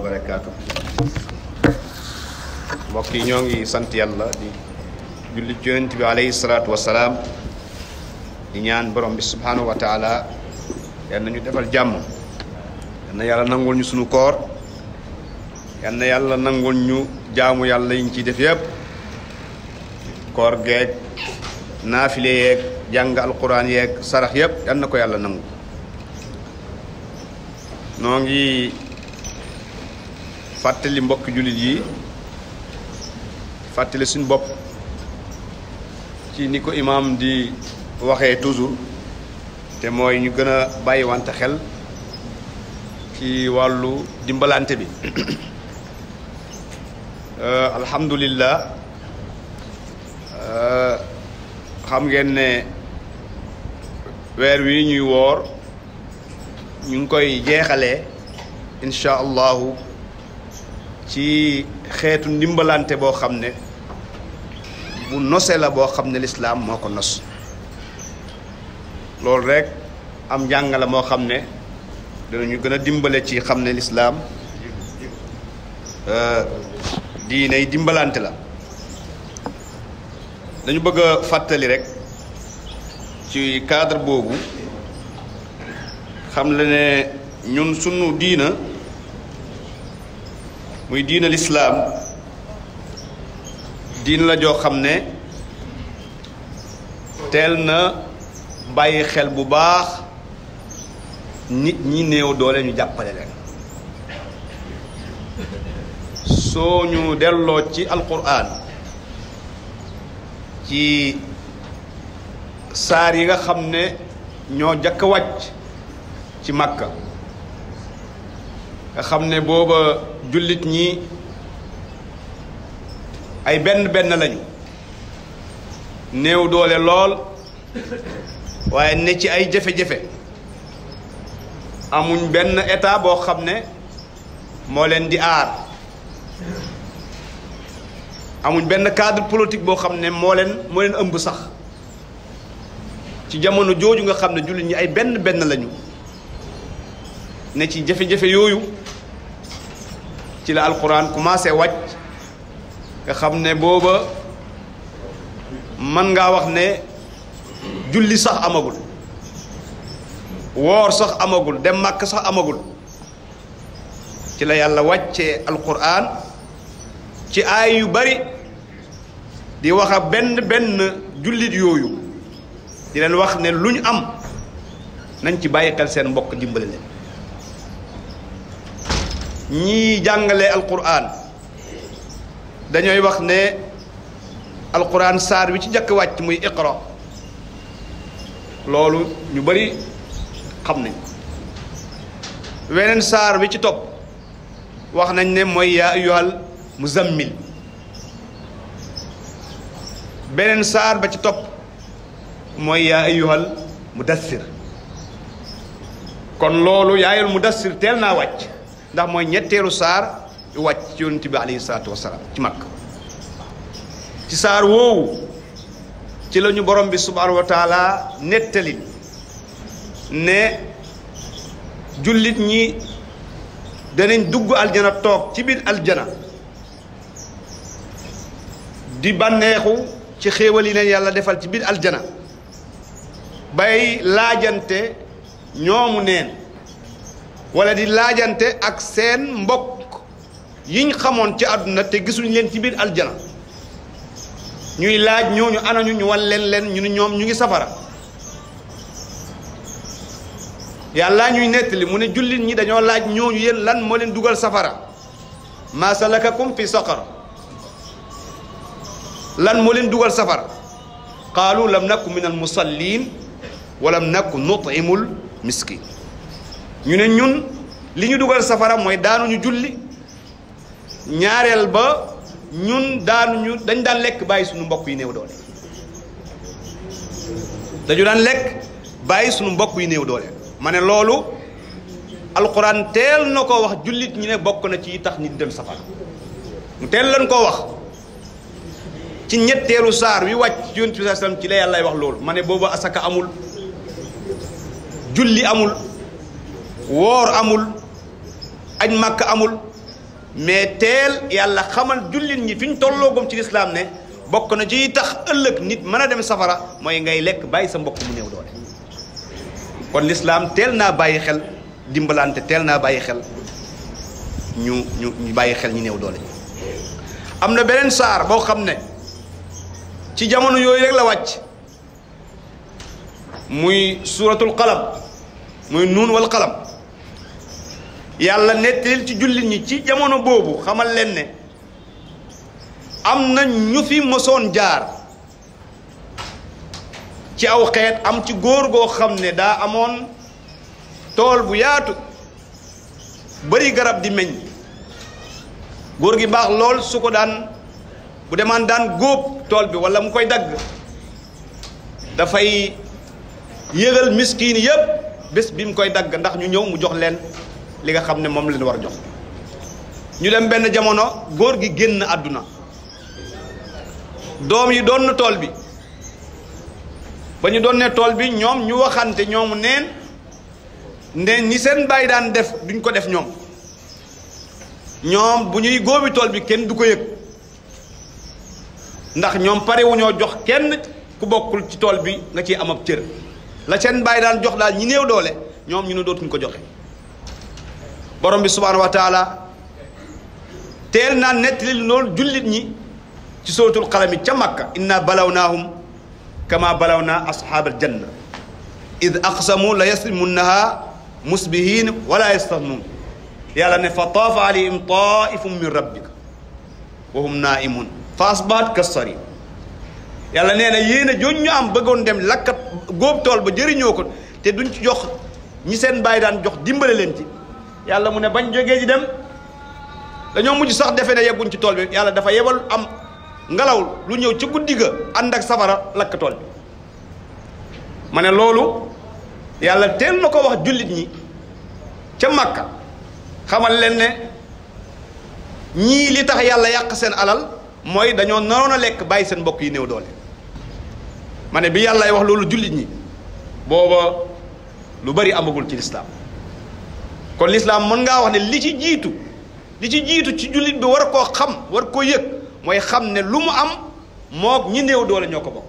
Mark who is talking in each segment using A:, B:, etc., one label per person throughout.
A: barakaatu mbokk yi ñoo ngi sant yàlla di julli ci yonent bi alayhi salaatu wasalaam di ñaan borom bi subhaanahu wa taala yal na ñu defal jàmm yal na yàlla nangul ñu koor yal yàlla nangul ñu jaamu yàlla yiñ ciy def yépp koor geeg naafile yeeg jàng alquran yeeg sarax yépp yal na ko yàlla nangu noo ngi fàttali mbokk jullit yi fàttali suñu bopp ci ni ko imaam di waxee toujours te mooy ñu gën a wante xel ci wàllu dimbalante bi euh, alhamdulillah euh, xam ngeen ne weer wi ñuy woor ñu ngi koy jeexalee incha allahu ci xeetu ndimbalante boo xam ne bu nose la boo xam ne lislaam moo ko nos loolu rek am njàngale moo xam ne dinañu gën a dimbale ci xam ne lislaam euh, diiney dimbalante la dañu bëgg a fàttali rekk ci cadre boobu xam la ne ñun sunu diina muy diina lislaam diina la joo xam ne teel na bàyyi xel bu baax nit ñi néew doole ñu jàppale leen soo ñu delloo ci alquran ci saar yi nga xam ne ñoo jëkk a ci Makka nga xam ne booba jullit ñi ay benn benn lañu néew doole lool waaye ne ci ay jafe-jafe amuñ benn état boo xam ne moo leen di aar amuñ benn cadre politique boo xam ne moo leen moo leen ëmb sax ci jamono jooju nga xam ne jullit ñi ay benn benn lañu ne ci jafe-jafe yooyu ci la alquran commencé wàcc nga xam ne booba man ngaa wax ne julli sax amagul woor sax amagul dem màkk sax amagul ci la yàlla wàccee alquran ci aay yu bari di wax a benn benn jullit yooyu di leen wax ne lu ñu am nañ ci bàyyi xel seen mbokk dimbali leen ñii jàngale alquran dañooy wax ne alquran saar bi ci njëkk wàcc muy iqra loolu ñu bari xam nañ weneen saar bi ci topp wax nañ ne mooy yaa ayyuhal muzammil beneen saar ba ci topp mooy yaa ayyuhal mudassir kon loolu yaayul mudassir teel naa wàcc ndax mooy ñetteelu saar wàcc ci yonent bi alayhi salaatu wasalaam ci mag ci saar woowu ci lañu borom bi subhaanahu wa taala ne jullit ñi danañ dugg aljana toog ci biir aljana di bànneexu ci xéewal yàlla defal ci biir aljana bay laajante ñoomu neen wala di laajante ak seen mbok yiñ xamoon ci àdduna te gisuñ leen ci biir aljana ñuy laaj ñooñu anañu ñu wan leen leen ñu ni ñoom ñu ngi safara yàlla ñuy nettali mu ne jullit ñi dañoo laaj ñooñu yéen lan moo leen dugal safara maa salakakum fi saqar lan moo leen dugal safara qaalu lam naku min al musallin walam naku nutimul miskin ñu ne ñun li ñu dugal safara mooy daanuñu julli ñaareel ba ñun daanuñu dañ daan lekk bàyyi suñu mbokk yi néew doole dañu daan lekk bàyyi suñu mbokk yi néew doole ma ne loolu alxuraan teel na ko wax jullit ñi ne bokk na ci tax nit dem safara mu teel lañ ko wax ci ñetteelu saar wi wàcc yonent bi sallam ci la yàllay wax loolu ma ne boobu asaka amul julli amul woor amul añ màkk amul mais teel yàlla xamal jullit ñi fi ñu tolloogum ci lislaam ne bokk na ci tax ëllëg nit mën a dem safara mooy ngay lekk bàyyi sa mbokk mu néew doole kon lislaam teel naa bàyyi xel dimbalante teel naa bàyyi xel ñu ñu bàyyi xel ñu néew doole am na beneen saar boo xam ne ci jamono yooyu rek la wàcc muy suuratul kalam muy nuun wal qalam yàlla netteel ci jullit ñi ci jamono boobu xamal leen ne am na ñu fi mësoon jaar ci aw xeet am ci góor goo xam ne daa amoon tool bu yaatu bari garab di meñ góor gi baax lool su ko daan bu demaan daan góob tool bi walla mu koy dagg dafay yëgal miskiin yépp bés bi mu koy dagg ndax ñu ñëw mu jox leen li nga xam ne moom leen war a jox ñu dem benn jamono góor gi génn àdduna doom yi doon na tool bi ba ñu doon ne tool bi ñoom ñu waxante ñoomu neen ne ñi seen bàyyi daan def duñ ko def ñoom ñoom bu ñuy góobi tool bi kenn du ko yëg ndax ñoom parewuñoo jox kenn ku bokkul ci tool bi nga ciy am ab cër la seen bàyyi daan jox daal ñi néew doole ñoom ñu ne dootuñu ko joxe borom bi subhaanahu wa taala teel naa nettalil noonu jullit ñi ci sootul xalami ca makka inna balawnaahum kama balawna ashaabal janna id aqsamu la yasrimunnaha musbihin wala yastahnuun yàlla ne fa taafa alayhim taifum min rabbika wa hum naimun fa asbahat kassari yàlla na yéen a jooju am bëggoon dem lakkat góob tool ba jëriñoo ko te duñ ci jox ñi seen bàyyi daan jox dimbale leen ci yàlla mu ne bañ jógee ji dem dañoo mujj sax defe ne yegguñ ci tool bi yàlla dafa yebal am ngelaw lu ñëw ci guddi ga ànd ak safara lakk tool bi ma ne loolu yàlla teel na ko wax jullit ñi ca Makka xamal leen ne ñii li tax yàlla yàq seen alal mooy dañoo naroon a lekk bàyyi seen mbokk yi néew doole ma ne bi yàllaay wax loolu jullit ñi booba lu bari amagul ci lislaam kon lislaam mën ngaa wax ne li ci jiitu li ci jiitu ci jullit bi war koo xam war koo yëg mooy xam ne lu mu am moog ñi néew doole ñoo ko bokk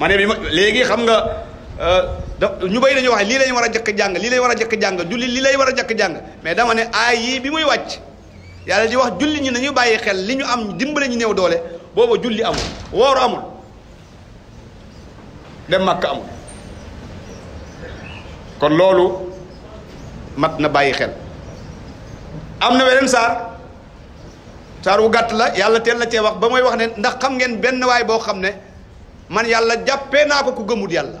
A: ma ne bi ma léegi xam nga euh, da ñu bay lañu wax ne lii war a jëkk jàng lii lañ war a jëkk jàng julli lii lay war a jëkk jàng mais dama ne aay yii bi muy wàcc yàlla di wax julli ñi nañu bàyyi xel li ñu am dimbale ñu new doole booba julli amul wooru amul dem màkk amul kon loolu mat na bàyyi xel am na weneen saar saar wu gàtt la yàlla teen la cee wax ba mooy wax ne ndax xam ngeen benn waay boo xam ne man yàlla jàppe naa ko ku gëmut yàlla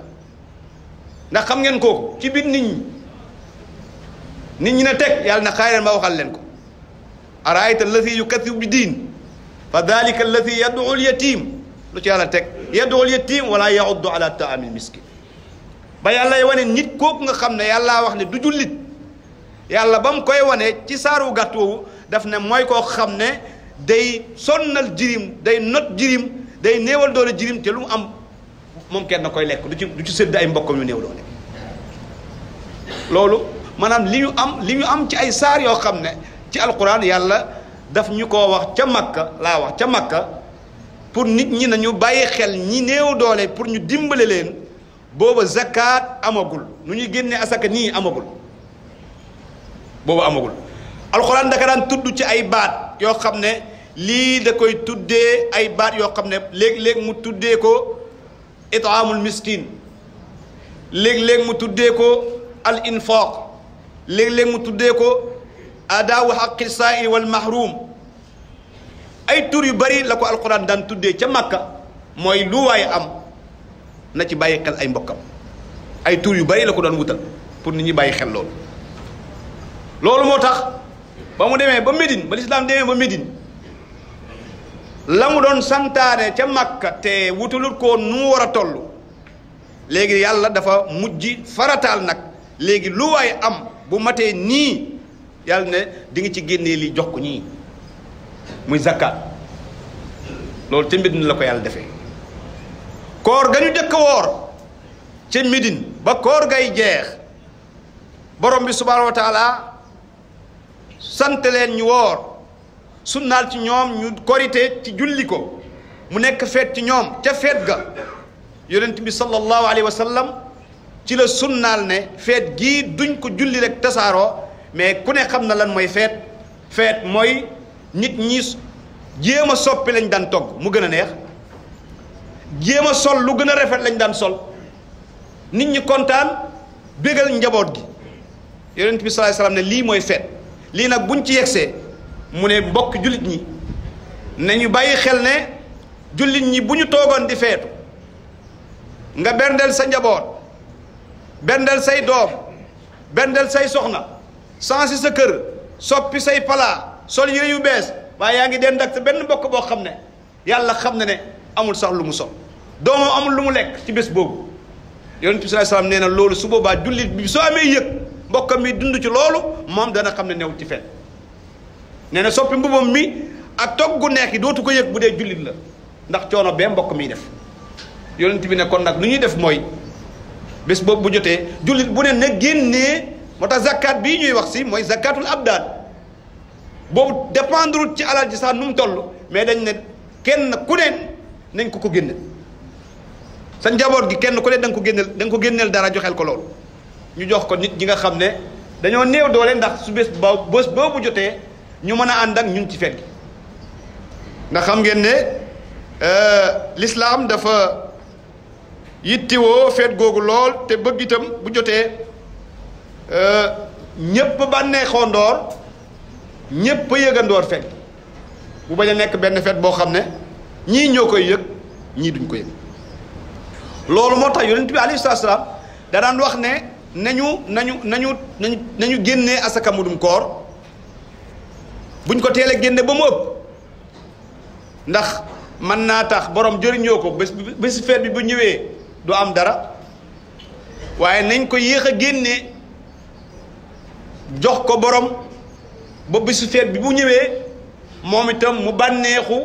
A: ndax xam ngeen kooku ci biir nit ñi nit ñi ne teg yàlla na xaay leen ma waxal leen ko araayta alladi yukathibu bi diin fa dalika lu ci yàlla teg yadul yatim wala yauddu ala taamil miskin ba yàlla wane nit kooku nga xam ne yàllaa wax ne du jullit yàlla ba mu koy wanee ci saaru gàtt woowu daf ne mooy koo xam ne day sonnal jirim day not jirim day néewal doole jirim te lu mu am moom kenn koy lekk du ci ci sëdd ay mbokkam yu néew doole loolu maanaam li ñu am li ñu am ci ay saar yoo xam ne ci alquran yàlla daf ñu ko wax ca makka laa wax ca makka pour nit ñi na nañu bàyyi xel ñi néew doole pour ñu dimbale leen booba zakaat amagul nu ñuy génnee asaka nii amagul boobu amagul alxuraan daka daan tudd ci ay baat yoo xam ne lii da koy tuddee ay baat yoo xam ne léeg-léeg mu tuddee ko itaamul miskin léeg-léeg mu tuddee ko al infaq léeg-léeg mu tuddee ko adaawu xaqi saa'il wal mahrum ay tur yu bari la ko alxuraan daan tuddee ca màkka mooy lu am na ci bàyyi xel ay mbokkam ay tur yu bari la ko doon wutal pour nit ñi bàyyi xel loolu loolu moo tax ba mu demee ba Médine ba lislaam demee ba Médine la mu doon santaane ca Makka te wutalut ko nu war a tollu léegi yàlla dafa mujj farataal nag léegi lu waay am bu matee nii yàlla ne di nga ci génnee li jox ko ñii muy zakkaat loolu ca Médine la ko yàlla defee koor ga ñu jëkk woor ca Médine ba koor gay jeex borom bi subhaanahu sant leen ñu woor sunnaal ci ñoom ñu korite ci julli ko mu nekk feet ci ñoom ca feet ga yonent bi sallallahu alayhi wa sallam ci la sunnaal ne feet gii duñ ko julli rek tasaaroo mais ku ne xam na lan mooy feet feet mooy nit ñi jéem a soppi lañ daan togg mu gën a neex jéem a sol lu gën a rafet lañ daan sol nit ñi kontaan bégal njaboot gi yonent bi sallallahu alayhi ne lii mooy feet lii nag buñ ci yegsee mu ne mbokk jullit ñi ñu bàyyi xel ne jullit ñi bu ñu toogoon di feetu nga berndeel sa njaboot berndeel say benn berndeel say soxna sansi sa kër soppi say palaa sol yére yu bees waaye yaa ngi den dak benn bokk boo xam ne yàlla xam ne ne amul sax lu mu sol doomam amul lu mu lekk ci bés boobu yonent bi sallallahu nee na loolu su boobaa jullit bi soo amee yëg mbokkam mi dund ci loolu moom dana xam ne new ci fen nee na soppi mbubam mi ak toggu neex yi dootu ko yëg bu dee jullit la ndax coono bee mbokk miy def yonent bi ne kon nag nu ñuy def mooy bés boobu jotee jullit bu ne na génnee moo tax zakat bii ñuy wax si mooy ab abdaan boobu dépendre ci alal ji sax nu mu toll mais dañ ne kenn ku ne nañ ko ko génne sa njaboot gi kenn ku ne da ko génneel da ko génneel dara joxeel ko loolu ñu jox ko nit ñi nga xam ne dañoo néew doole ndax su bés ba bés boobu jotee ñu mën a ànd ak ñun ci fekk ndax xam ngeen ne euh, lislaam dafa yittiwoo feet googu lool te bëgg itam bu jotee euh, ñépp bànneexoo ndoor ñépp yëgandoor fekk bu bañ a nekk benn feet boo xam ne ñii ñoo koy yëg ñii duñ ko yëg loolu moo tax yonent bi alayhi salaam da daan wax ne nañu nañu nañu nañu nañu génnee asaka mudum koor buñ ko teelee génne ba mu ëpp ndax man naa tax borom jëriñoo ko bés bési feet bi bu ñëwee du am dara waaye nañ ko yéex a génnee jox ko borom ba bésu feet bi bu ñëwee moom itam mu bànneexu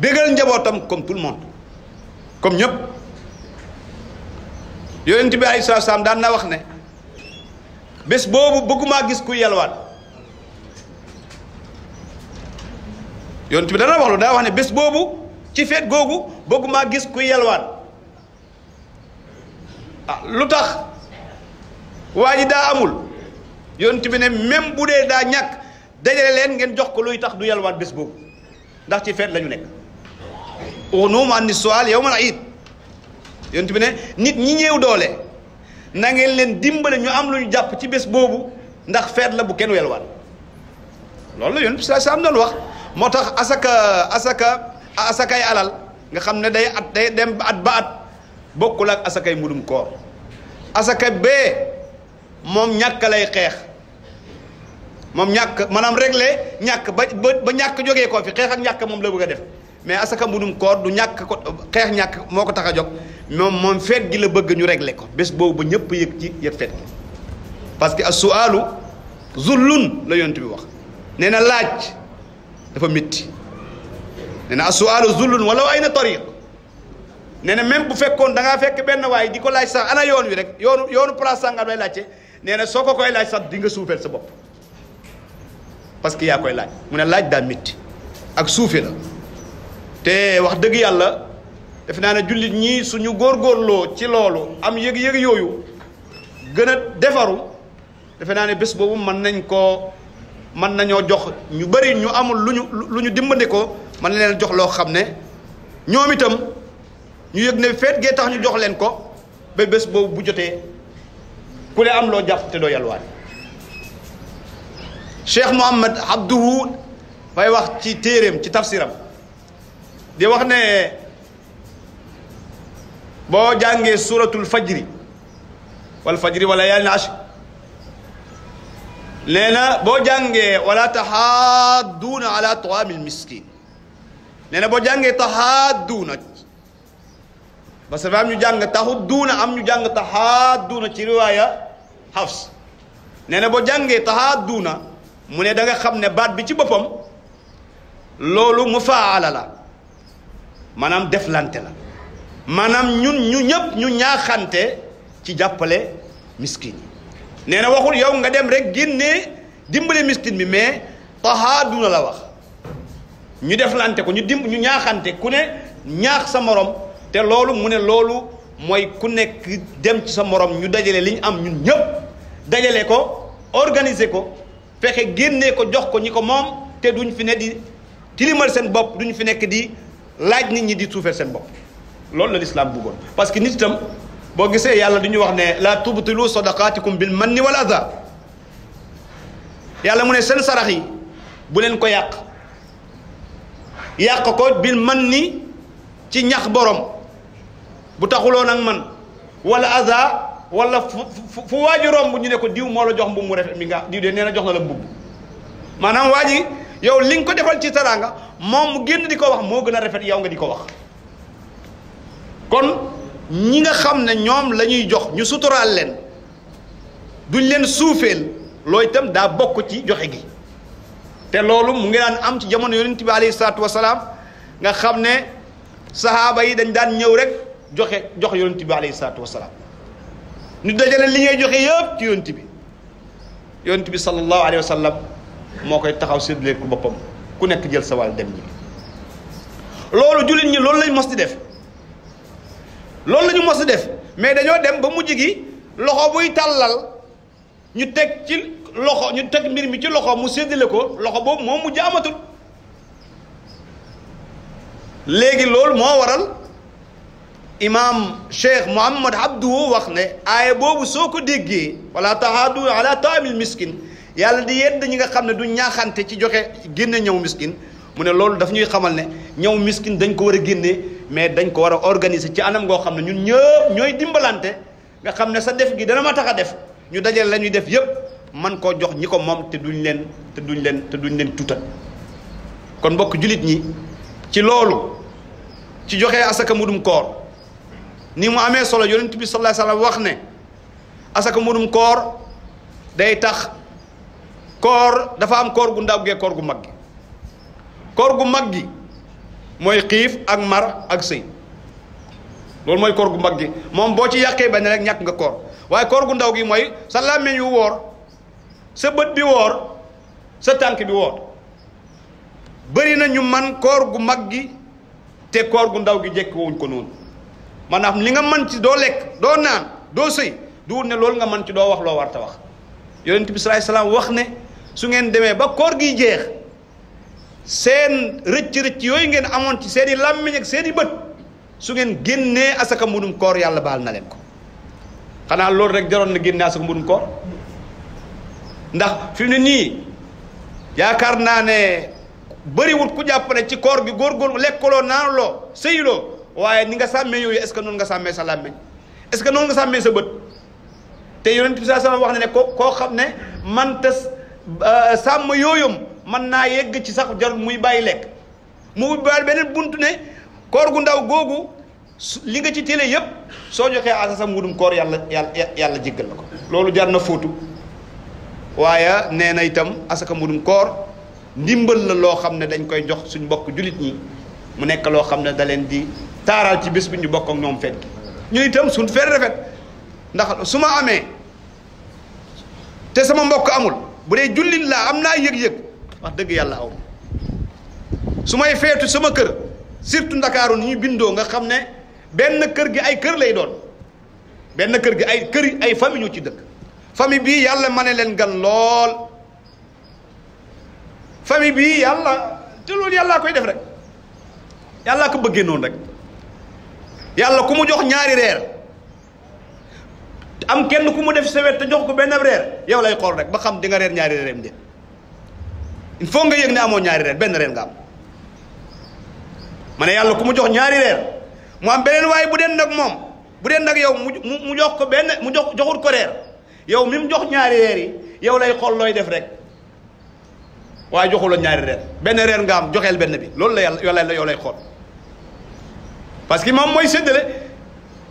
A: bégal njabootam comme tout le monde comme ñëpp. yonent bi ay saa saam daan na wax ne bés boobu bëggumaa gis ku yalwaan yonent bi dana wax lu daa wax ne bés boobu ci feet googu bëggumaa gis ku yalwaan ah, lu tax waa ji daa amul yonent bi ne même bu dee daa ñàkk dajale leen ngeen jox ko luy tax du yalwaan bés boobu ndax ci feet lañu ñu nekk unuum an ni soal yow man a it yonent bi ne nit ñi ñëw doole nangeen leen dimbale ñu am lu ñu jàpp ci bés boobu ndax feet la bu kenn welwaan loolu la yonent sa am alayhi wasallam doon wax moo tax asaka asaka asakay alal nga xam ne day at day dem at ba at bokkul ak asakay mudum koor asaka bee moom ñàkk lay xeex moom ñàkk maanaam réglé ñàkk ba ba ñàkk jógee koo fi xeex ak ñàkk moom la bëgg a def mais asaka mbudum koor du ñàkk ko xeex ñàkk moo ko tax a jóg moom moom feet gi la bëgg ñu régler ko bés boobu ba ñëpp yëg ci yëg feet gi parce que as-su'aalu zullun la yonent bi wax nee na laaj dafa métti nee as-su'aalu zullun walaw ayna tariiq nee na même bu fekkoon da ngaa fekk benn waay di ko laaj sax ana yoon wi rek yoonu yoonu place sangam lay nee na soo ko koy laaj sax di nga suufeel sa bopp parce que yaa koy laaj mu ne laaj daa mitti ak suufe la. te wax dëgg yàlla defe naa ne jullit ñi suñu góorloo ci loolu am yëg-yëg yooyu gën a defaru defe naa ne bés boobu mën nañ koo mën nañoo jox ñu bari ñu amul lu ñu lu ñu dimbali ko mën na leen jox loo xam ne ñoom itam ñu yëg ne feet gee tax ñu jox leen ko ba bés boobu bu jotee ku ne am loo jàpp te doo yalwaan Cheikh Mouhamed Abdouhu fay wax ci téeréem ci tafsiram di wax ne boo jàngee suratul fajri wal fajri wala yaalin ashr nee na boo jàngee wala taxaadduuna ala taamil miskin nee na boo jàngee taxaadduuna parce que am ñu jàng taxudduuna am ñu jàng taxaadduuna ci riwaaya Hafs nee na boo jàngee taxaadduuna mu ne da xam ne baat bi ci boppam loolu mufaala la maanaam deflante la maanaam ñun ñu ñëpp ñu ñaaxante ci jàppale miskin yi nee na waxul yow nga dem rek génnee dimbale miskin bi mais tahaaduna la wax ñu deflante ko ñu dimb ñu ñaaxante ku ne ñaax sa morom te loolu mu ne loolu mooy ku nekk dem ci sa morom ñu dajale li ñu am ñun ñëpp dajale ko organiser ko fexe génne ko jox ko ñi ko moom te duñ fi ne di tilimal seen bopp duñ fi nekk di laaj nit ñi di suufeel seen bopp loolu la lislaam bëggoon parce que nit itam boo gisee yàlla du ñu wax ne la tubtilu sadaqaatikum bil manni wal adha yàlla mu ne seen sarax yi bu leen ko yàq yàq ko bil manni ci ñax borom bu taxuloon ak man wala adha wala fu fu waaju romb ñu ne ko diw moo la jox mbubb mu rafet mi nga diw de nee jox na la mbubb maanaam waa yow li nga ko defal ci teraanga moom mu génn di ko wax moo gën a rafet yow nga di ko wax kon ñi nga xam ne ñoom lañuy jox ñu suturaal leen duñ leen suufeel looy itam daa bokk ci joxe gi te loolu mu ngi daan am ci jamono yonent bi alayhi salaatu salaam nga xam ne sahaaba yi dañ daan ñëw rek joxe jox yonent bi alayhi salaatu wasalaam ñu dajale li ngay joxe yëpp ci yonent bi yonent bi sallallahu alayhi wa sallam moo koy taxaw séddale ku boppam ku nekk jël sa wàll dem ñi loolu jullit ñi loolu lañ mos di def loolu lañu ñu mos di def mais dañoo dem ba mujj gi loxo buy tàllal ñu teg ci loxo ñu teg mbir mi ci loxo mu séddale ko loxo boobu moom mujj amatul léegi loolu moo waral imaam Cheikh Mouhamad Abdou wax ne aaye boobu soo ko déggee wala tahaadu ala taamil miskin yàlla di yedd ñi nga xam ne du ñaaxante ci joxe génne ñëw miskin mu ne loolu daf ñuy xamal ne ñëw miskin dañ ko war a génnee mais dañ ko war a organiser ci anam goo xam ne ñun ñëpp ñooy dimbalante nga xam ne sa def gi dana ma tax a def ñu dajale la ñuy def yëpp man koo jox ñi ko moom te duñ leen te duñ leen te duñ leen tuutal kon mbokk jullit ñi ci loolu ci joxe asaka mudum koor ni mu amee solo yonent bi sallallahu alayhi wax ne asaka mudum koor day tax koor dafa am koor gu ndaw gee koor gu mag gi koor gu mag gi mooy xiif ak mar ak sëy loolu mooy koor gu mag gi moom boo ci yàqee benn rek ñàkk nga koor waaye koor gu ndaw gi mooy sa làmmiñ yu woor sa bët bi woor sa tànk bi woor bari na ñu man koor gu mag gi te koor gu ndaw gi jekk wowuñ ko noonu maanaam li nga man ci doo lekk doo naan doo sëy du ne loolu nga man ci doo wax loo war ta wax yonent bi salaay salaam wax ne su ngeen demee ba koor gi jeex seen rëcc-rëcc yooyu ngeen amoon ci seen làmmiñ ak seen bët su ngeen génnee asaka mbudum koor yàlla baal na leen ko xanaa loolu rek jaroon na génnee asaka mbudum koor ndax fi mu ne nii yaakaar naa ne bariwut ku jàpp ne ci koor gi góor góorgóorlu lekkaloo loo sëyuloo waaye ni nga sàmmee yooyu est-ce noonu nga sàmmee sa làmmiñ est que noonu nga sàmmee sa bët te yonent bi saa sama wax na ne ko koo xam ne man Euh, sàmm yooyum man naa yegg ci sax jarul muy bàyyi lekk mu ba beneen bunt ne koor gu ndaw googu li nga ci télé yépp soo joxee asasam wudum koor yàlla yàlla yàlla jéggal la ko loolu jar na fóotu waaye nee na itam asaka mudum koor ndimbal la loo xam ne dañ koy jox suñ mbokk jullit ñi mu nekk loo xam ne da leen di taaral ci bés bi ñu bokk ak ñoom fet gi ñu itam suñ feet rafet ndax su ma amee te sama mbokk amul bu dee jullit laa am naa yëg-yëg wax dëgg yàlla aw ma su may feetu sama kër surtout ndakaaru ni ñu bindoo nga xam ne benn kër gi ay kër lay doon benn kër gi ay kër ay famille ñu ci dëkk famille bii yàlla ma ne leen gan lool famille bii yàlla te loolu yàllaa koy def rek yàllaa ko bëggee noonu rek yàlla ku mu jox ñaari reer am kenn ku mu def sa wet te jox ko benn reer yow lay xool rek ba xam di nga reer ñaari reeram de il faut nga yëg ni amoo ñaari reer benn reer nga am ma ne yàlla ku mu jox ñaari reer beneen waaye bu den nag moom bu den nag yow mu mu jox ko benn mu jox joxut ko reer yow mi mu jox ñaari reer yi yow lay xool looy def rek waaye joxuloo ñaari reer benn reer nga am joxeel benn bi loolu la yàlla yow lay xool parce que moom mooy séddale.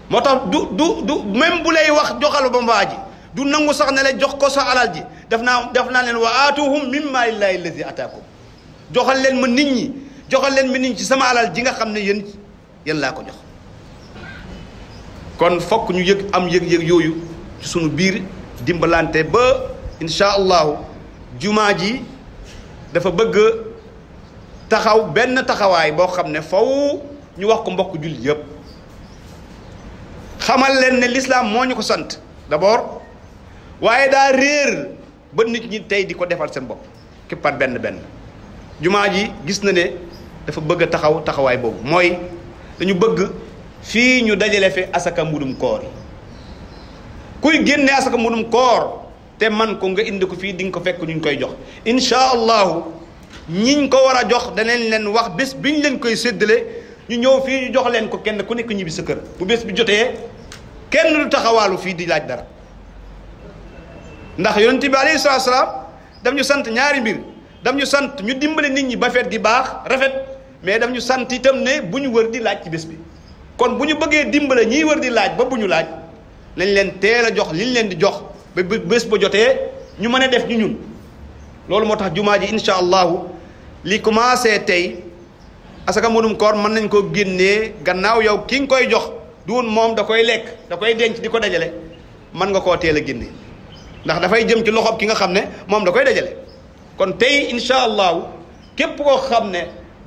A: moo tax du du du même bu lay wax joxal ba mbaa ji du nangu sax ne jox ko sa alal ji def naa def naa leen wa aatuhum mimma illaahi allazi ataakum joxal leen ma nit ñi joxal leen ma nit ñi ci sama alal ji nga xam ne yéen yéen laa ko jox kon fokk ñu yëg am yëg yooyu sunu biir dimbalante ba incha allahu jumaa ji dafa bëgg taxaw benn taxawaay boo xam ne faw ñu wax ko mbokk julli yëpp xamal leen ne lislaam moo ñu ko sant d'abord waaye daal réer ba nit ñi tey di ko defal seen bopp kippar benn benn jumaa ji gis na ne dafa bëgg taxaw taxawaay boobu mooy dañu bëgg fii ñu dajale fi asaka mbudum koor yi kuy génne asaka mbudum koor te man koo nga indi ko fii di nga ko fekk ñu koy jox insha allahu ñiñ ko war a jox danañ leen wax bés biñ leen koy séddale ñu ñëw fii ñu jox leen ko kenn ku nekk ñibbi sa kër bu bés bi jotee kenn lu taxawaalu fii di laaj dara ndax yonent bi alayhi salaatu salaam daf ñu sant ñaari mbir daf ñu sant ñu dimbale nit ñi ba fet gi baax rafet mais daf ñu sant itam ne bu ñu wër di laaj ci bés bi kon bu ñu bëggee dimbale ñii wër di laaj ba bu ñu laaj lañ leen teel a jox liñ leen di jox ba bés ba jotee ñu mën a def ñu ñun loolu moo tax jumaa ji insha allahu li commencé tey asaka mënum koor mën nañ koo génnee gannaaw yow ki nga koy jox duun moom da koy lekk da koy denc di ko dajale mën nga koo teel a génne ndax dafay jëm ci loxob ki nga xam ne moom da koy dajale kon tey incha allahu képp koo xam ne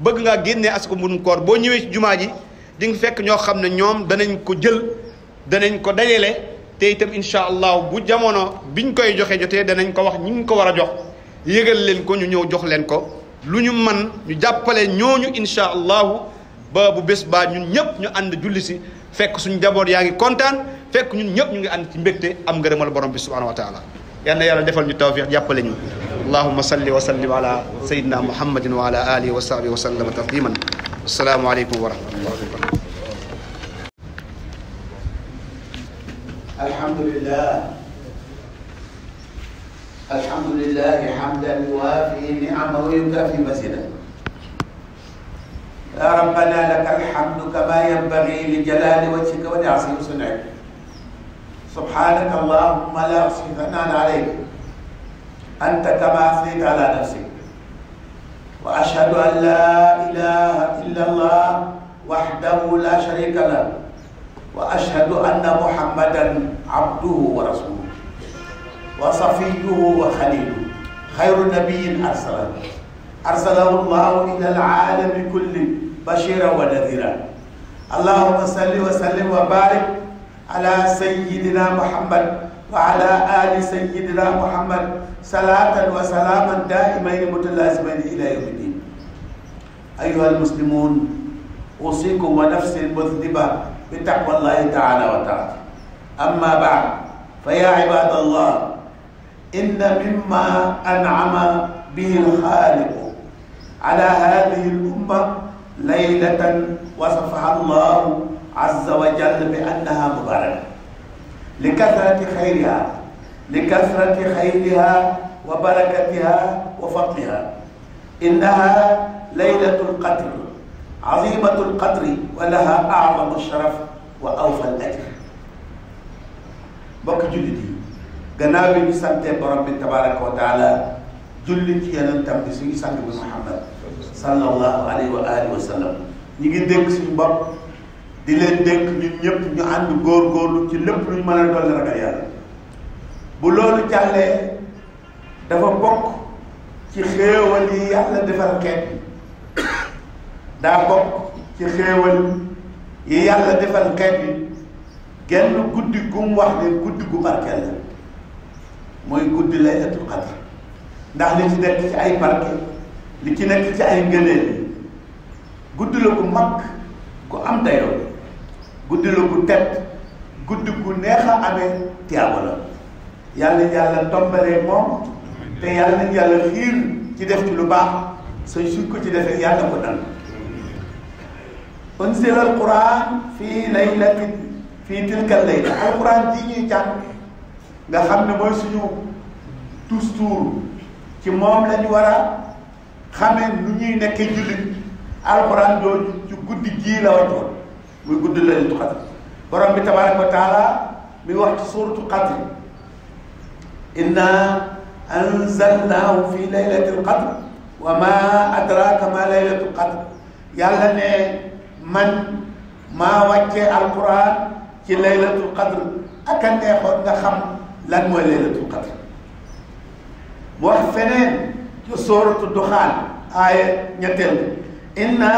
A: bëgg ngaa génne asaka mburum koor boo ñëwee ci jumaa ji di nga fekk ñoo xam ne ñoom danañ ko jël danañ ko dajale te itam incha allahu bu jamono biñ koy joxee jotee danañ ko wax ñu ngi ko war a jox yëgal leen ko ñu ñëw jox leen ko lu ñu man ñu jàppale ñooñu incha allahu ba bu bés baa ñun ñëpp ñu ànd julli si fekk suñu njaboot yaa ngi kontaan fekk ñun ñëpp ñu ngi ànd ci mbégte am ngërëmal borom bi subhanahu wa taala yal na yàlla defal ñu tawfiq jàppale ñu allahuma salli wa sallim ala sayidina muhammadin wa ala alihi wa sahbihi wa sallama tasliman assalaamu aleykum wa rahmatullah
B: alhamdulillah alhamdulillah hamdan yuwafi ni'amahu yukafi mazidah yaa rabbanaa laka alhamdu kamaa yanbagii li jalaali wajhika wa li aziimi sun'ika subhaanaka allaahumma laa uhsii thanaan alayka anta kamaa athnayta alaa nafsik wa ashhadu an laa ilaaha illa allaah wahdahu laa shariika lahu wa ashhadu anna muhammadan abduhu wa rasuluhu wa safiyuhu wa xaliiluhu xayru nabiyyin arsalahu arsalahu llahu ila alalami kulli bashira wa nadira allahuma salli wa sallim wa barik ala sayidina muhammad wa ala ali sayidina muhammad salatan wa salaman daimaini mutalazimaini ila yaumi din ayuha almuslimun usikum wa nafsi mudhniba bitaqwa llahi taala wa taala amma baad faya ibad allah inna mima anama bihi alkhaliq ala hadihi al umma laylatan wasafaha allahu azza wa jalla bi annaha mubaraka li kasrati xayriha li kasrati xayriha wa barakatiha wa fadliha innaha laylatul qadr azimatul qadri wa laha azamu sharaf wa awfal ajr mbokk jullit yi gannaaw bi ñu santee borom bi tabaraka wa taala julli ci yonentam bi suñu sang bi Muhammad sallallahu alayhi wa alihi wa sallam ñu ngi dénk suñu bopp di leen dénk ñun ñëpp ñu ànd góorgóorlu ci lépp lu ñu mën a dolli ragal yàlla bu loolu jàllee dafa bokk ci xéewal yi yàlla defar xeet bi daa bokk ci xéewal yi genn guddi gu wax ne guddi gu barkeel la mooy guddi laylatul qadr ndax li ci nekk ci ay barke li ci nekk ci ay ngëneel gudd la gu mag gu am dayoo gudd la gu tedd gudd gu neex a amee tiyaaba la yàlla yàlla tombalee moom te yàlla nañ yàlla xiir ci def ci lu baax sa suñ ko ci defee yàlla ko dal unzila alquran fii laylati fii tilka layla alquran ji ñuy jàng nga xam ne mooy suñu tous tour ci moom lañu war a xamee lu ñuy nekkee jullit alxuraan jooju ci guddi jii la wàccoon muy guddi laylatul qadr borom bi tabaaraka wa taala mi wax ci suuratul qadr inna anzalnaahu fi laylatil qadr wa maa adraaka maa laylatul qadr yàlla ne man maa wàccee alxuraan ci laylatul qadr ak a neexoon nga xam lan mooy laylatul qadr mu wax feneen sooratu duxaan aaya ñetteel inna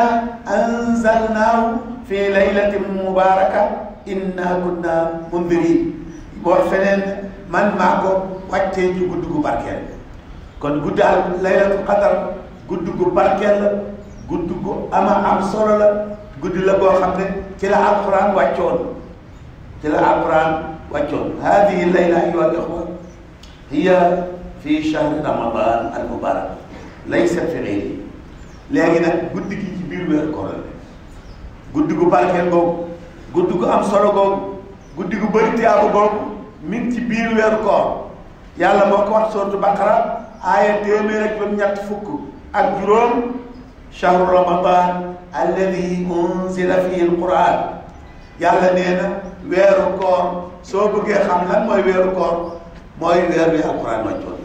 B: anzalnaahu fi laylatin mubaraka inna kunna mundirin boor feneen man maa ko wàccee ci gudd gu barkeel kon guddaal laylatul qadar gudd gu barkeel la gudd gu ama am solo la guddi la boo xam ne ci la alquran wàccoon ci la alquran wàccoon hadihi layla ayuha al ixwa hiya fii shahri ramadan al mubarak lay set fi xëy léegi nag guddi gi ci biir weer koor la guddi gu barkeel googu guddi gu am solo googu guddi gu bëri tiyaabu googu ci biir weeru koor yàlla moo ko wax sóortu baqara aaya téeméer ak juróom ñett fukk ak juróom shahru ramadan alladi unzila fihi alquran yàlla nee weeru koor soo bëggee xam lan mooy weeru koor mooy weer wi alquran wàccoon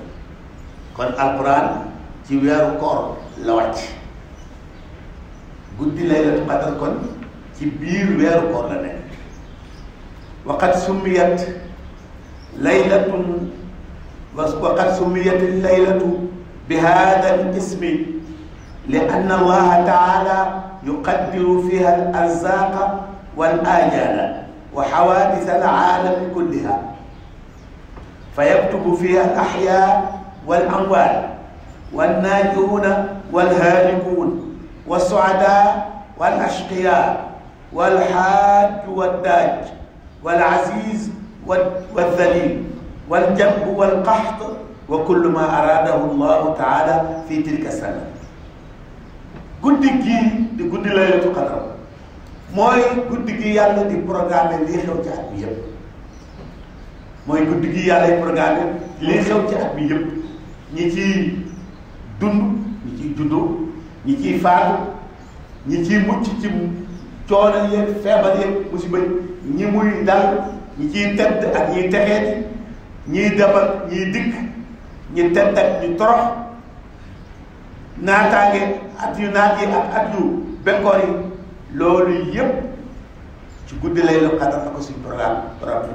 B: kon alquran ci weeru koor la wàcc guddi laylatul qadr kon ci biir weeru koor la nekk waqad summiyat laylatun waqad summiyat laylatu bi hada al ismi li anna allaha taala yuqaddiru fiha al arzaqa wal ajala wa xawadisa al aalami kulliha fa yaktubu fiha al axyaa wal amwaal wal naajihuuna wal haalikuun wal suadaa wal ashqiyaa wal xaaj wal daaj wal aziiz wal zaliil wal jamb wal qaxt wa kullu maa araadahu llahu taala fi tilka sana guddi gii di guddi laylatul qadr mooy guddi gi yàlla di programme lii xew ci at bi yépp mooy guddi gi yàlla di programme lii xew ci at bi yépp ñi ci dund ñi ciy juddoo ñi ciy faatu ñi ciy mucc ci coono yeeg feebar yeeg musiba ñi muy dal ñi ciy tedd ak ñiy texeeti ñiy defar ñiy dikk ñi tedd ak ñu torox naataange at yu naat yi at yu bekkoor yi loolu yëpp ci guddi lay la xatar la ko suñu programme programme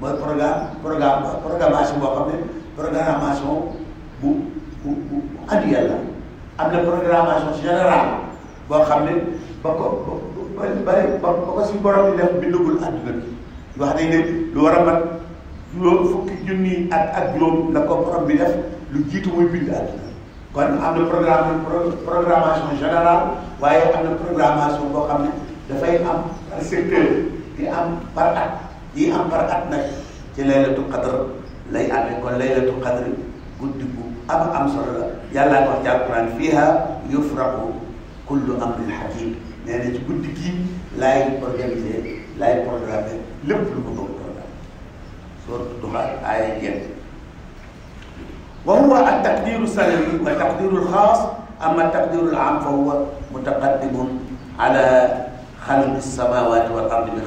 B: mooy programme programme programmation boo xam ne programmation bu bu bu annuel la am na programmation générale boo xam ne ba ko ba ba ba ko suñu borom di def bindagul àdduna bi wax nañ ne lu war a mat juróom fukki junni ak ak juróom la ko borom bi def lu jiitu muy bind àdduna kon am na programme programmation générale waaye am na programmation boo xam ne dafay am par secteur di am par at di am par at nag ci laylatul qadr lay amee kon laylatul qadr guddi gu am am solo la yàllaa ko wax ci alquran fiha yufraqu kullu amrin hakim nee na gi laay organisé laay programmé programme soo duxa aaya genn wa huwa al taqdiru sanawi wa taqdiru al xaas fa huwa mutaqaddimun ala xalqi samawati wal ardi bi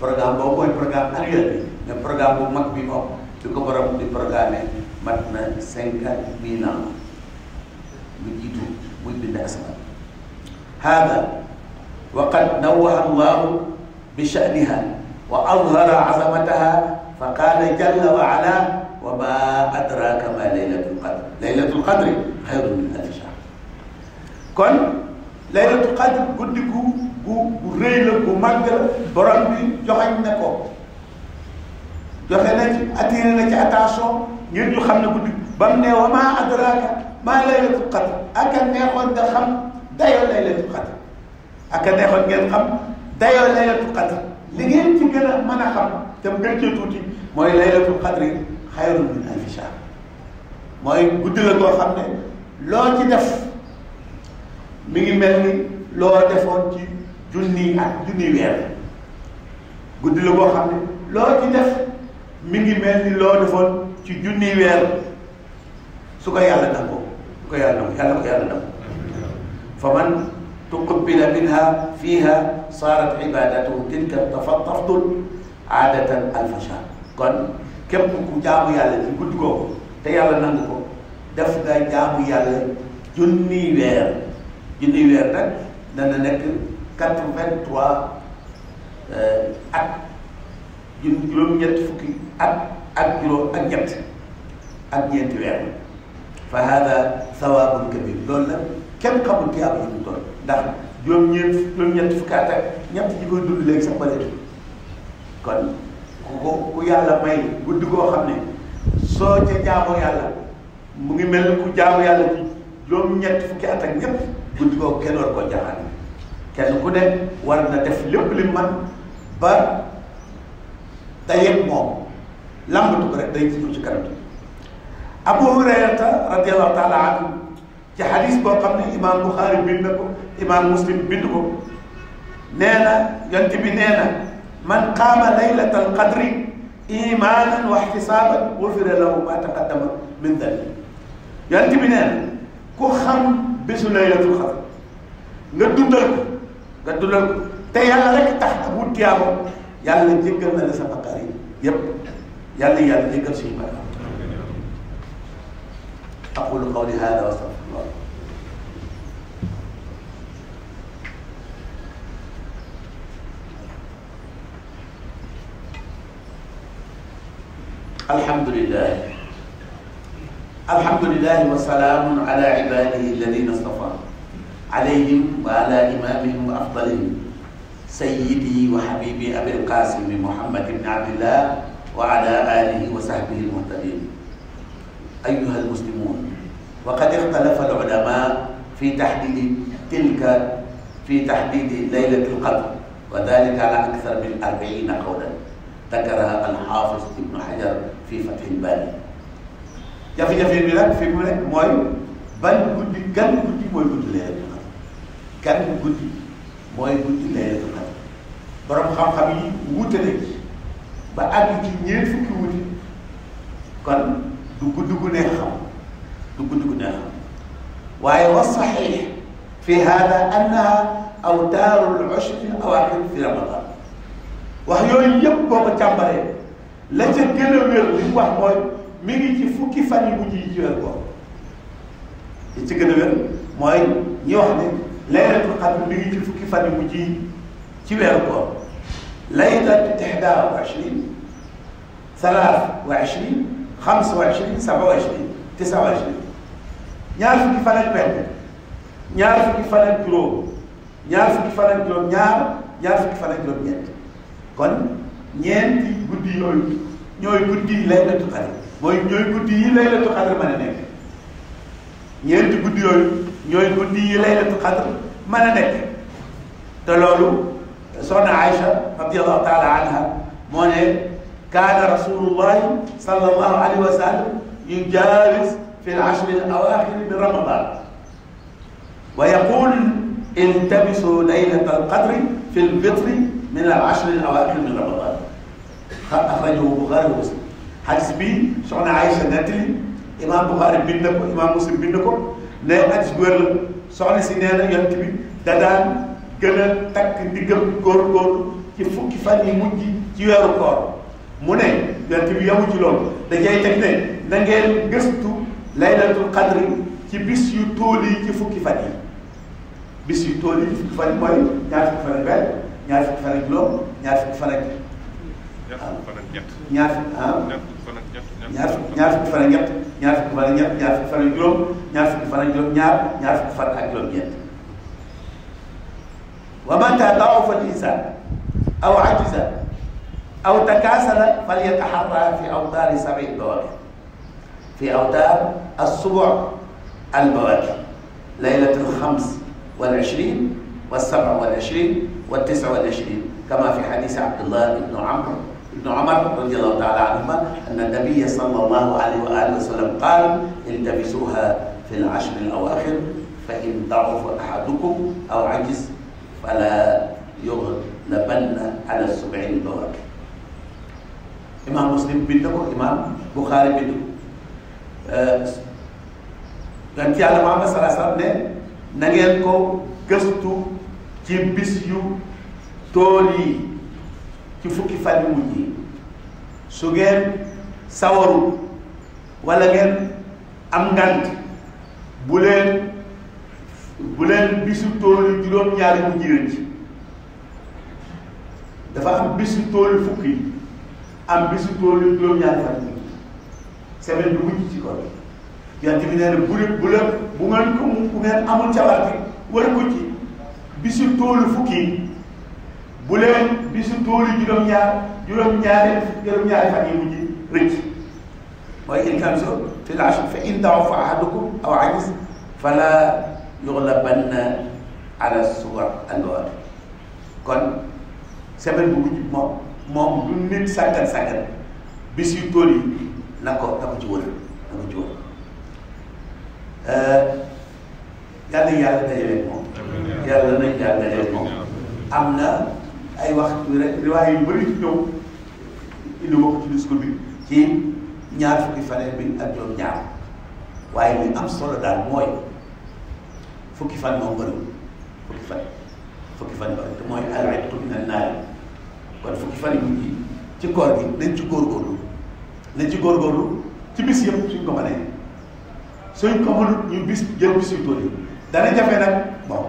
B: programme boobu mooy programme annuel programme bu mag bi ko borom di programme mat na cinquante mille ans mu jiitu muy bind asamaan haada wa qad nawaha allahu bi sha'niha wa azhara azamataha fa qaala jalla wa ala wa ma adraka ma laylatul qadr laylatul qadri xayrun min alfi shahr kon laylatul qadr guddi gu gu rëy la gu màgg la borom bi joxañ na ko joxe na ci attiré na ci attention ngir ñu xam ne guddi ba mu ne wa maa adraaka maa laylatul qadr aka neexoon nga xam dayoo laylatul qadr ngeen xam dayoo laylatul qadr li ngeen ci gën a mën a xam te mu gën cee tuuti mooy laylatul qadr yi xayrun min alfi shahr mooy guddi la koo xam ne loo ci def mi ngi mel ni loo defoon ci junni ak junni weer guddi la koo xam ne loo ci def. mi ngi mel ni loo defoon ci junniy weer su ko yàlla nangu su ko yàlla nangu yàlla ko fa man tuqbila minha fiha saarat ibadatuhu tilka tafattaftul aadatan alfa shahr kon képp ku jaamu yàlla ci guddi googu te yàlla nangu ko def nga jaamu yàlla junniy weer junniy weer nag dana nekk quatre-vingt-trois euh, juróom-ñett fukki ak juróom ak ñett ak ñeenti weer fa hada sawaabun kabir loolu nag kenn xamul tiyaaba yi mu ndax juróom-ñeent juróom fukki at ak ñett ji koy dund léegi sax bareetul kon ku ko ku yàlla may guddi koo xam ne soo ca jaamu yàlla mu ngi mel ku jaamu yàlla ci juróom-ñett fukki at ak ñett guddi koo kenn war koo jaaxal kenn ku ne war na def lépp li man ba dayeeg moom lambatu ko rek day ci ñëw ci kanam Abu Hurayrata radiyallahu taala anhu ci xadis boo xam ne imaam Buxaari bind na ko imaam Muslim bind ko nee na yonent bi nee na man qaama laylatal qadri imaanan wa ihtisaaban gufira lahu ma taqaddama min dhanbi yonent bi nee na ku xam bésu laylatul qadr nga dundal ko nga dundal ko te yàlla rek tax ak wut tiyaabo yàlla jéggal na la sa bàkkaar yi yépp yàlla yàlla jéggal suñu bàkkaar aqulu qawli hada wa astagfirullah alhamdulillah alhamdulillah wa salaamun ala ibadihi alladina stafa alayhim wa ala imamihim wa afdalihim sayyidi wa habibi abil qasimi muhammad ibn abdillah wa ala alihi wa sahbihi almuhtadin ayyuha almuslimun wa qad ixtalafa alulama fi tahdidi tilka fi tahdidi laylati alqadr wa dalika ala akthar min arbaina qawlan dakaraha alxaafis ibnu xajar fi fathil baari jafe-jafe bi nag fi mu nekk mooy ban guddi gan guddi mooy guddi laylatul qadr gan guddi mooy guddi laylatul qadr borom xam-xam yi wuute nañ ba àgg ci ñeent fukki wuute kon du gudd gu neex xam du gudd gu neex xam waaye wa saxiix fi hada annaha awtaarul ushri awaaxir fi ramadan wax yooyu yëpp boo ko càmbaree la ca li mu wax mooy mi ngi ci fukki fan yi bu ñuy ko li ci gën a wér wax ne laylatul qadr mi ngi ci fukki fan yi mujj yi ci weeru koor ليلة 21 23 25 27 29 ñaar fukki fan ak benn ñaar fukki fan ak juróom ñaar fukki fan ak juróom ñaar ñaar fukki fan ak juróom ñett kon ñeenti guddi yooyu ñooy guddi yi laylatu xadar mooy ñooy guddi yi laylatu xadar mën a nekk ñeenti guddi yooyu ñooy guddi yi laylatu xadar mën a nekk te loolu soxna Aïcha radiallahu taala anha moo ne kaana rasulullahi sallallahu alayhi wa sallam yujalis fi l-ashri l-awaaxiri min ramadan wa yaqul iltabisu laylata al-qadri fi l-witri min al-ashri l-awaaxiri min ramadan axrajahu Buxaari wa Muslim xadis bi soxna Aïcha nettali imaam Buxaari bind na ko imaam Muslim bind na ko ne xadis bu wér la soxna si nee na yonent bi da daan gën a takk diggam góorgóorlu ci fukki fan yi mujj ci weeru koor mu ne yonent bi yamu ci loolu da cay teg ne na ngeen gëstu laylatul qadri ci bis yu tool yi ci fukki fan yi bis yu tool yi ci fukki fan yi mooy ñaar fukki fan ak benn ñaar fukki fan ak juróom ñaar fukki fan ak ñaar fukki ah ñaar ñaar fukki fan ak ñett ñaar fukki fan ak ñett ñaar fukki fan ak juróom ñaar fukki fan ak juróom ñaar ñaar fukki fan ak juróom ñett wa mata daafa al insaan aw ajiza aw takaasala falyataharra fi awtaari sabi bawaakir fi awtaar as-subu' al-bawaakir laylatul xams wal ishriin was-sab'a wal ishriin wat-tis'a wal ishriin kamaa fi hadiisi Abdullah ibn Amr ibn Umar radiyallahu ta'ala anhumaa anna nabiyya sallallahu alayhi wa aalihi wa sallam qaala iltabisuuha fi al-ashr al-awaakhir fa in da'ufa ahadukum aw ajiza fala yuxlabanna ala sab'il bawaaqi imaam muslim bind ko imaam buxaari bind ko dan ci yàlla Muhammad sallallahu ne na ko gëstu ci bis yu tool yi ci fukki fan yu mujj yi su ngeen sawaru wala ngeen am ngant bu bu leen bisu tool juróom-ñaari mu jigéen dafa am bisu tool fukk yi am bisu tool juróom-ñaari fan yi semaine bi mujj ci koor yant bi nee na bu bu la bu ngeen ko bu ngeen amul cawarte war ko ci bisu toolu fukki bu leen bisu toolu juróom-ñaar juróom-ñaari juróom-ñaari fan yi mujj rëcc mooy in kamso fi lashri fa in dafa ahadukum aw ajis fala yuxlabanna ala suwar alwar kon semaine bu mujj moom mu lu nit sàggan sàggan bis yu tool yi na ko na ko ci wër na ko ci wër eh, yàlla yàlla dajale moom yàlla nañ yàlla dajale moom am na ay wax riwaay yu bëri ci ñëw indi wax ci discours bi ci ñaar fukki fan bi ak juróom ñaar waaye am solo daal mooy fukki fan moom bëriwul fukki fan fukki fan bëriwul te mooy alwettu minal naari kon fukki fan yi mujj ci koor gi ci góorgóorlu nañ ci góorgóorlu ci bis yëpp suñ ko mënee suñ ko mënut ñu bis jël bis yu tool yi dana jafe nag bon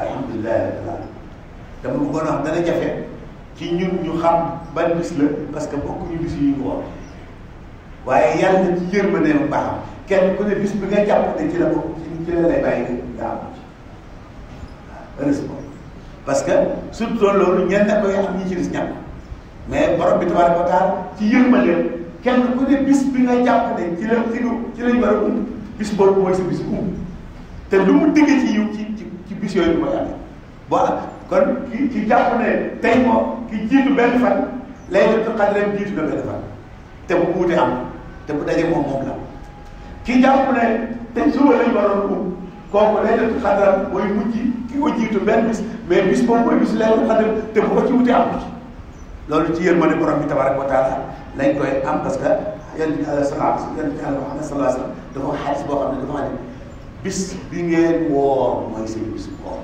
B: alhamdulilah rabbil alamin dama bëggoon a wax dana jafe ci ñun ñu xam ban bis la parce que bokkuñu bis yu ñu woor waaye yàlla ci yërmandeem baaxam kenn ku bis bi nga jàpp ne ci la bokk ci la lay bàyyi daaw heureusement parce que surtout loolu ñenn da koy xam ñi ci des ñàkk mais borom bi tabaaraka wa taala ci yërmaleem kenn ku ne bis bi nga jàpp ne ci la ci lu ci lañ um, bis boobu mooy sa bis um te lu mu digg ci yiw ci ci ci bis yooyu mooy amee voilà kon ki ki jàpp ne tey moom ki jiitu benn fan lay def xar leen jiitu na benn fan te bu wuute am te bu dajee moom moom la ki jàpp ne. te suba lañ waroon um kooku laylatul xadar mooy mujj ki ko jiitu benn bis mais bis boobu mooy bis laylatul xadar te bu ko ci wute amul loolu ci yërmande borom bi tabaraka wa taala lañ e am parce que yonent bi aleyhi salaatu yonent bi Muhammad sallallahu alayhi wasallam dafa wax xaalis boo xam ne dafa bis bi ngeen woor mooy seen bisu koor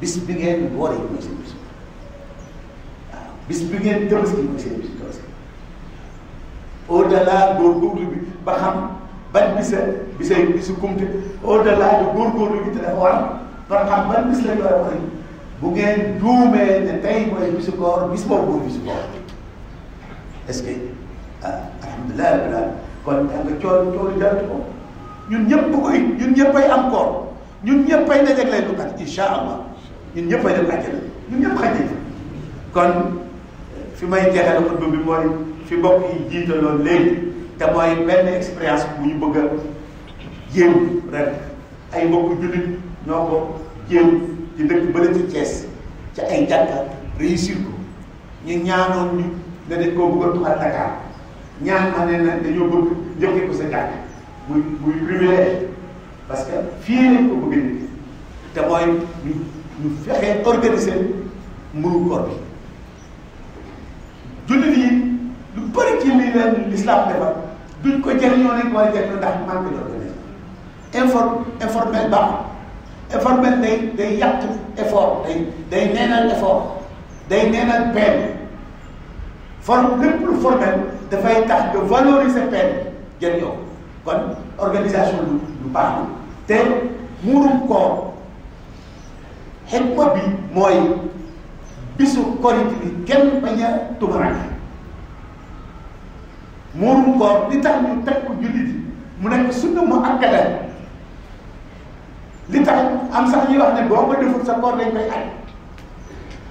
B: bis bi ngeen woor yi mooy seen bisu waaw bis bi ngeen tabaski mooy seen bisu tabaski au delà góorgóorlu bi ba xam ban bis la bisay bisu kumte au de góorgóorlu gi te dafa war par xam ban bis la ñu war a waxee bu ne tey mooy bisu koor bis boobu mooy bisu koor est-ce que ah alhamdulilah rabbil alamin kon da ko coono coono jaratu ko ñun ñëpp koy ko ñëppay am koor ñun ñëppay dajeeg lay lu kat incha allah ñun ñëppay dem àjjana ñun ñëpp xaj kon fi may jeexal xutba bi mooy fi mbokk yi jiitaloon léegi. te mooy benn expérience bu ñu bëgg a jéem ren ay mbokk jullit ñoo ko jéem ci dëkk bële ci Thiès ay jàkka réussir ko ñu ñaanoon ñu ne dañ koo bëgg a tuxal Dakar ñaan ma ne na dañoo bëgg njëkkee ko sa jàkk muy muy privilège parce que fii lañ bëgg nit te mooy ñu ñu fexee organiser mburu bi jullit yi lu bëri ci lii leen l'islam defar duñ ko jëriñoo rek war a jëriñoo ndax manque d'organisation informe informel baaxul informel day day yàq effort day day neenal effort day neenal peine forme lépp lu dafay tax nga valoriser peine jëriñoo kon organisation lu baax la te muurum koor xikma bi mooy bisu korite kenn bañ a tubarak moorum koor li tax ñu teg ko jullit yi mu nekk sunna mu àggale li tax am sax ñuy wax ne boo ko deful sa koor dañ koy aj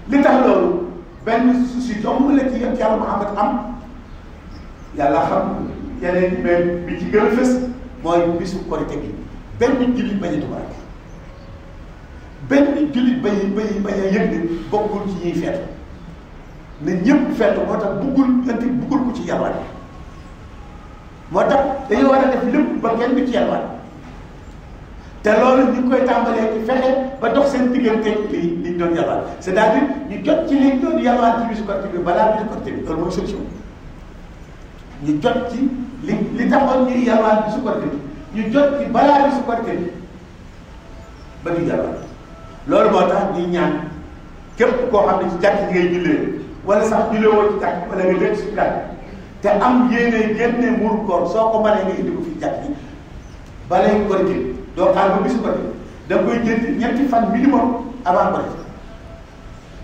B: li tax loolu benn su si jomb la ci yàlla Muhammad am yàlla xam yeneen mais bi ci gën a fës mooy bisu korite bi benn jullit bañ a tubaab benn jullit bañ a bañ a bañ a yëg ne bokkul ci ñuy feetu ne ñëpp feetu moo tax buggul ante buggul ko ci yàlla moo tax dañu war a def lépp ba kenn du ci yalwaan te loolu ñu ngi koy tàmbalee ci fexe ba dox seen diggante li liñ doon yalwaan c'est-à-dire jot ci liñ doon yalwaan ci bisu korte bi balaa bisu korte bi loolu mooy solution ñu jot ci li li taxoon ñuy yalwaan bi ñu jot ci balaa bisu bi ba ñu yalwaan moo tax ñuy ñaan képp ko xam ne ci jàkk ji ngay jullee wala sax jullee woo ci tàkk wala nga ci tàkk te am yéene génne muur koor soo ko mënee nga indi ko fii jàkk yi balay koor gi doo xaar ba bisu koor gi da koy jënd ñetti fan minimum avant koor gi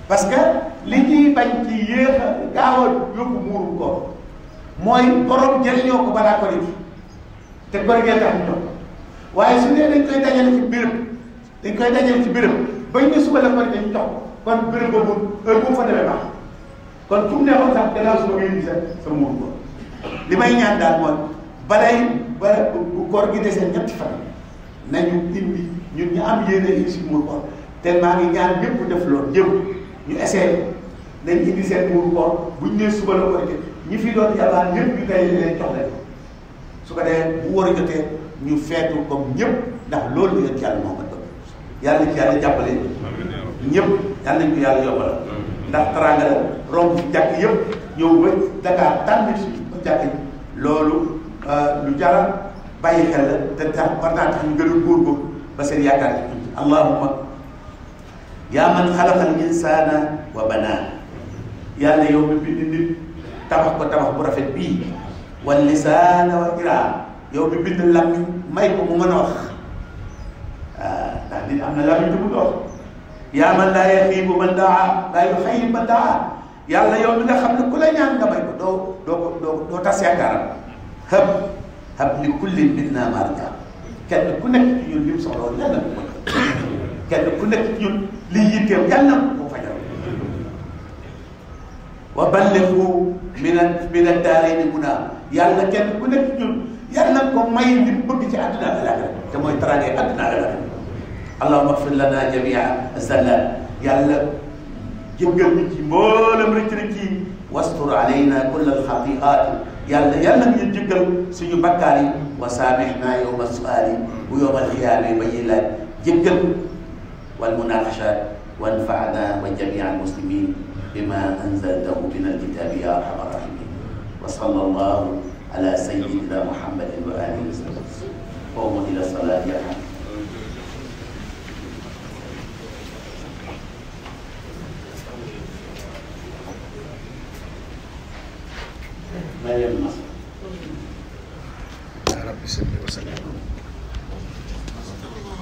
B: parce que li ñuy bañ ci yéex a gaaw a yóbbu muuru koor mooy borom jëriñoo ko balaa gi te koor gee tax ñu toog waaye su nee dañ koy dajale ci béréb dañ koy dajale ci béréb bañ ne suba la koor gi dañ toog kon béréb boobu heure bu mu fa demee baax kon fu mu neexoon sax gannaaw su ma koy indi sax sama mën ko li may ñaan daal mooy balay ba bu koor gi desee ñetti fan nañu indi ñun ñu am yéene indi si muur koor te maa ngi ñaan ñëpp def loolu ñëpp ñu essayé nañ indi seen muur koor buñ nee suba la war a jot ñi fi doon yàlla ñëpp ñu koy leen jox leen su ko dee bu war a jotee ñu feetu comme ñëpp ndax loolu la yàlla moo ko doon yàlla ci yàlla jàppale ñëpp yàlla nañ ko yàlla yombalal. ndax teraanga la romb jàkk yëpp ñëw ba Dakar tànn ci jàkk loolu euh, lu jara bàyyi xel la te tax war naa tax ñu gën a góorgóorlu ba seen yaakaar yi allahumma yaa man yow mi bind nit tabax ko tabax bu rafet bii wal lisaana wal kiraam yow mi bind lammiñ may ko mu mën a wax waaw am na lammiñ te mu dox yaa man laa yaxiibu man daa laa yuxayyib man daa yàlla yow mi nga xam ne ku la ñaan nga may ko doo doo ko doo doo tas yaakaaram hab hab li kullin minnaa maa rakaa kenn ku nekk ci ñun li mu soxla kenn ku nekk ci ñun li yitteem yàlla ko fajal wa ballighu min min ad-daarayni munaa yàlla kenn ku nekk ci ñun yàlla ko may li mu bëgg ci àdduna ak àllaaxira te mooy taraangee àdduna ak àllaaxira allahumma ighfir lana jami'a zallan yàlla jéggal ñu ci mboolem rëcc rëcc yi wastur alayna kulla alxatiaati yàlla yàlla ñu jéggal suñu bakkaar yi wa saamihna yowma suaali bu yowma alxiyaame ba ñuy laaj jéggal wal munaqashaat wanfaana wa jamia almuslimin bima anzaltahu min alkitaabi ya arhama rahimin wa sallallahu ala sayyidina muhammadin wa alihi wa sallam qumu ila salaati ما يلمس يا رب سلم وسلم